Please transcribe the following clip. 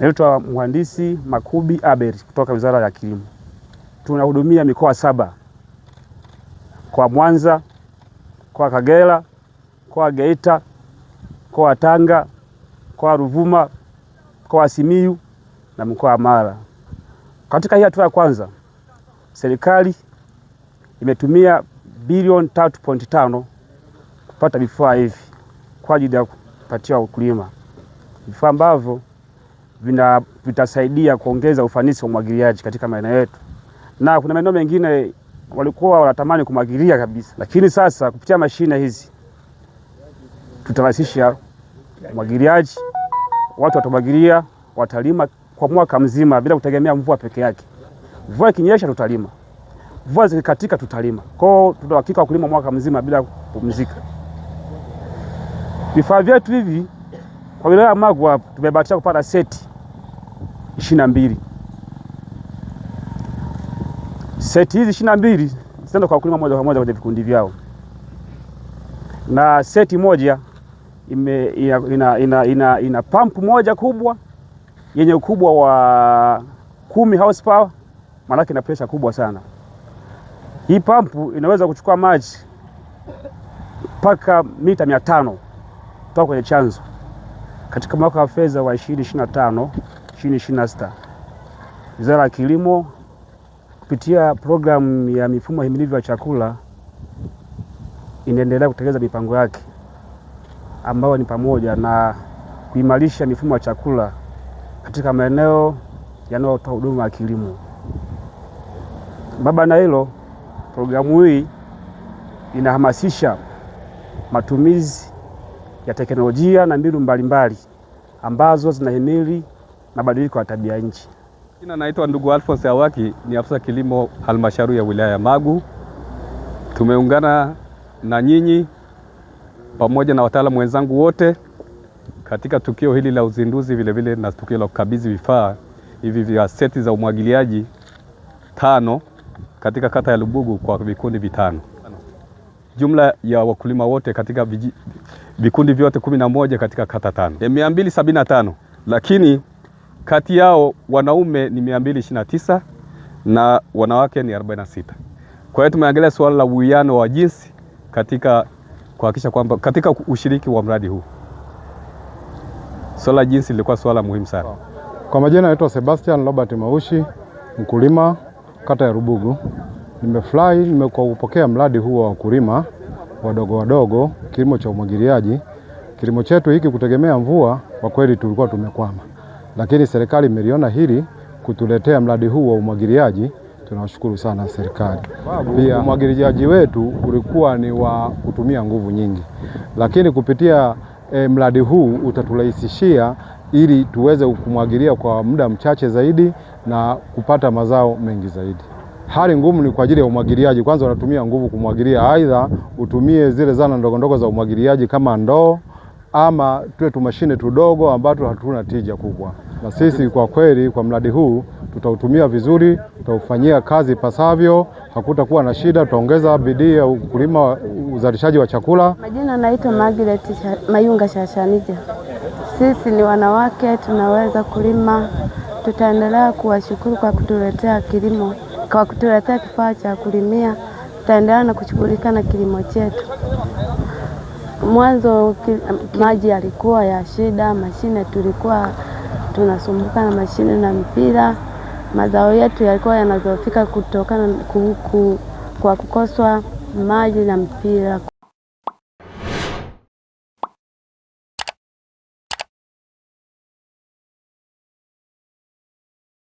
Naitwa Mhandisi Makubi Aber kutoka Wizara ya Kilimo. Tunahudumia mikoa saba, mkoa Mwanza, mkoa Kagera, mkoa Geita, mkoa Tanga, mkoa Ruvuma, mkoa Simiyu na mkoa Mara. Katika hii hatua ya kwanza, serikali imetumia bilioni 3.5 kupata vifaa hivi kwa ajili ya kupatia wakulima vifaa ambavyo vina, vitasaidia kuongeza ufanisi wa umwagiliaji katika maeneo yetu, na kuna maeneo mengine walikuwa wanatamani kumwagilia kabisa, lakini sasa kupitia mashine hizi tutarahisisha umwagiliaji, watu watamwagilia, watalima kwa mwaka mzima bila kutegemea mvua peke yake. Mvua ikinyesha tutalima, mvua zikikatika tutalima. Kwao tuna uhakika wa kulima mwaka mzima bila kupumzika. Vifaa vyetu hivi kwa wilaya ya Magwa tumebahatika kupata seti 22. Seti hizi 22 zitaenda kwa wakulima moja kwa moja kwenye vikundi vyao, na seti moja ime, ina, ina, ina, ina pampu moja kubwa yenye ukubwa wa kumi horsepower, maanake ina presha kubwa sana. Hii pampu inaweza kuchukua maji mpaka mita mia tano kutoka kwenye chanzo. Katika mwaka wa fedha wa 2025 chini sita. Wizara ya Kilimo kupitia programu ya mifumo himilivu ya chakula inaendelea kutekeleza mipango yake ambayo ni pamoja na kuimarisha mifumo ya chakula katika maeneo yanayotoa huduma ya kilimo. Baba na hilo, programu hii inahamasisha matumizi ya teknolojia na mbinu mbalimbali ambazo zinahimili mabadiliko ya tabia nchi. Jina naitwa ndugu Alphonse Awaki, ni afisa kilimo halmashauri ya wilaya ya Magu. Tumeungana na nyinyi pamoja na wataalamu wenzangu wote katika tukio hili la uzinduzi, vilevile na tukio la kukabidhi vifaa hivi vya seti za umwagiliaji tano katika kata ya Lubugu kwa vikundi vitano. Jumla ya wakulima wote katika vikundi vyote kumi na moja katika kata tano mia mbili sabini na tano lakini kati yao wanaume ni 229 na wanawake ni 46. Kwa hiyo tumeangalia suala la uwiano wa jinsi katika kuhakikisha kwamba katika ushiriki wa mradi huu swala jinsi lilikuwa swala muhimu sana. Kwa majina naitwa Sebastian Robert Maushi, mkulima kata ya Rubugu. Nimefurahi nimekupokea mradi huu wa wakulima wadogo wadogo, kilimo cha umwagiliaji. Kilimo chetu hiki kutegemea mvua, kwa kweli tulikuwa tumekwama lakini serikali imeliona hili kutuletea mradi huu wa umwagiliaji. Tunawashukuru sana serikali. Pia umwagiliaji wetu ulikuwa ni wa kutumia nguvu nyingi, lakini kupitia e, mradi huu utaturahisishia ili tuweze kumwagilia kwa muda mchache zaidi na kupata mazao mengi zaidi. Hali ngumu ni kwa ajili ya umwagiliaji. Kwanza unatumia nguvu kumwagilia, aidha utumie zile zana ndogondogo za umwagiliaji kama ndoo ama tuwe tumashine tudogo ambatu hatuna tija kubwa na sisi kwa kweli, kwa mradi huu tutautumia vizuri, tutaufanyia kazi pasavyo, hakutakuwa na shida, tutaongeza bidii ya ukulima, uzalishaji wa chakula. Majina naitwa Margaret Mayunga Shashanija. Sisi ni wanawake, tunaweza kulima. Tutaendelea kuwashukuru kwa kutuletea kilimo, kwa kutuletea kifaa cha kulimia. Tutaendelea na kushughulika na kilimo chetu. Mwanzo maji yalikuwa ya shida, mashine tulikuwa tunasumbuka na mashine na mpira. Mazao yetu yalikuwa yanazofika kutokana ku, ku, kwa kukoswa maji na mpira.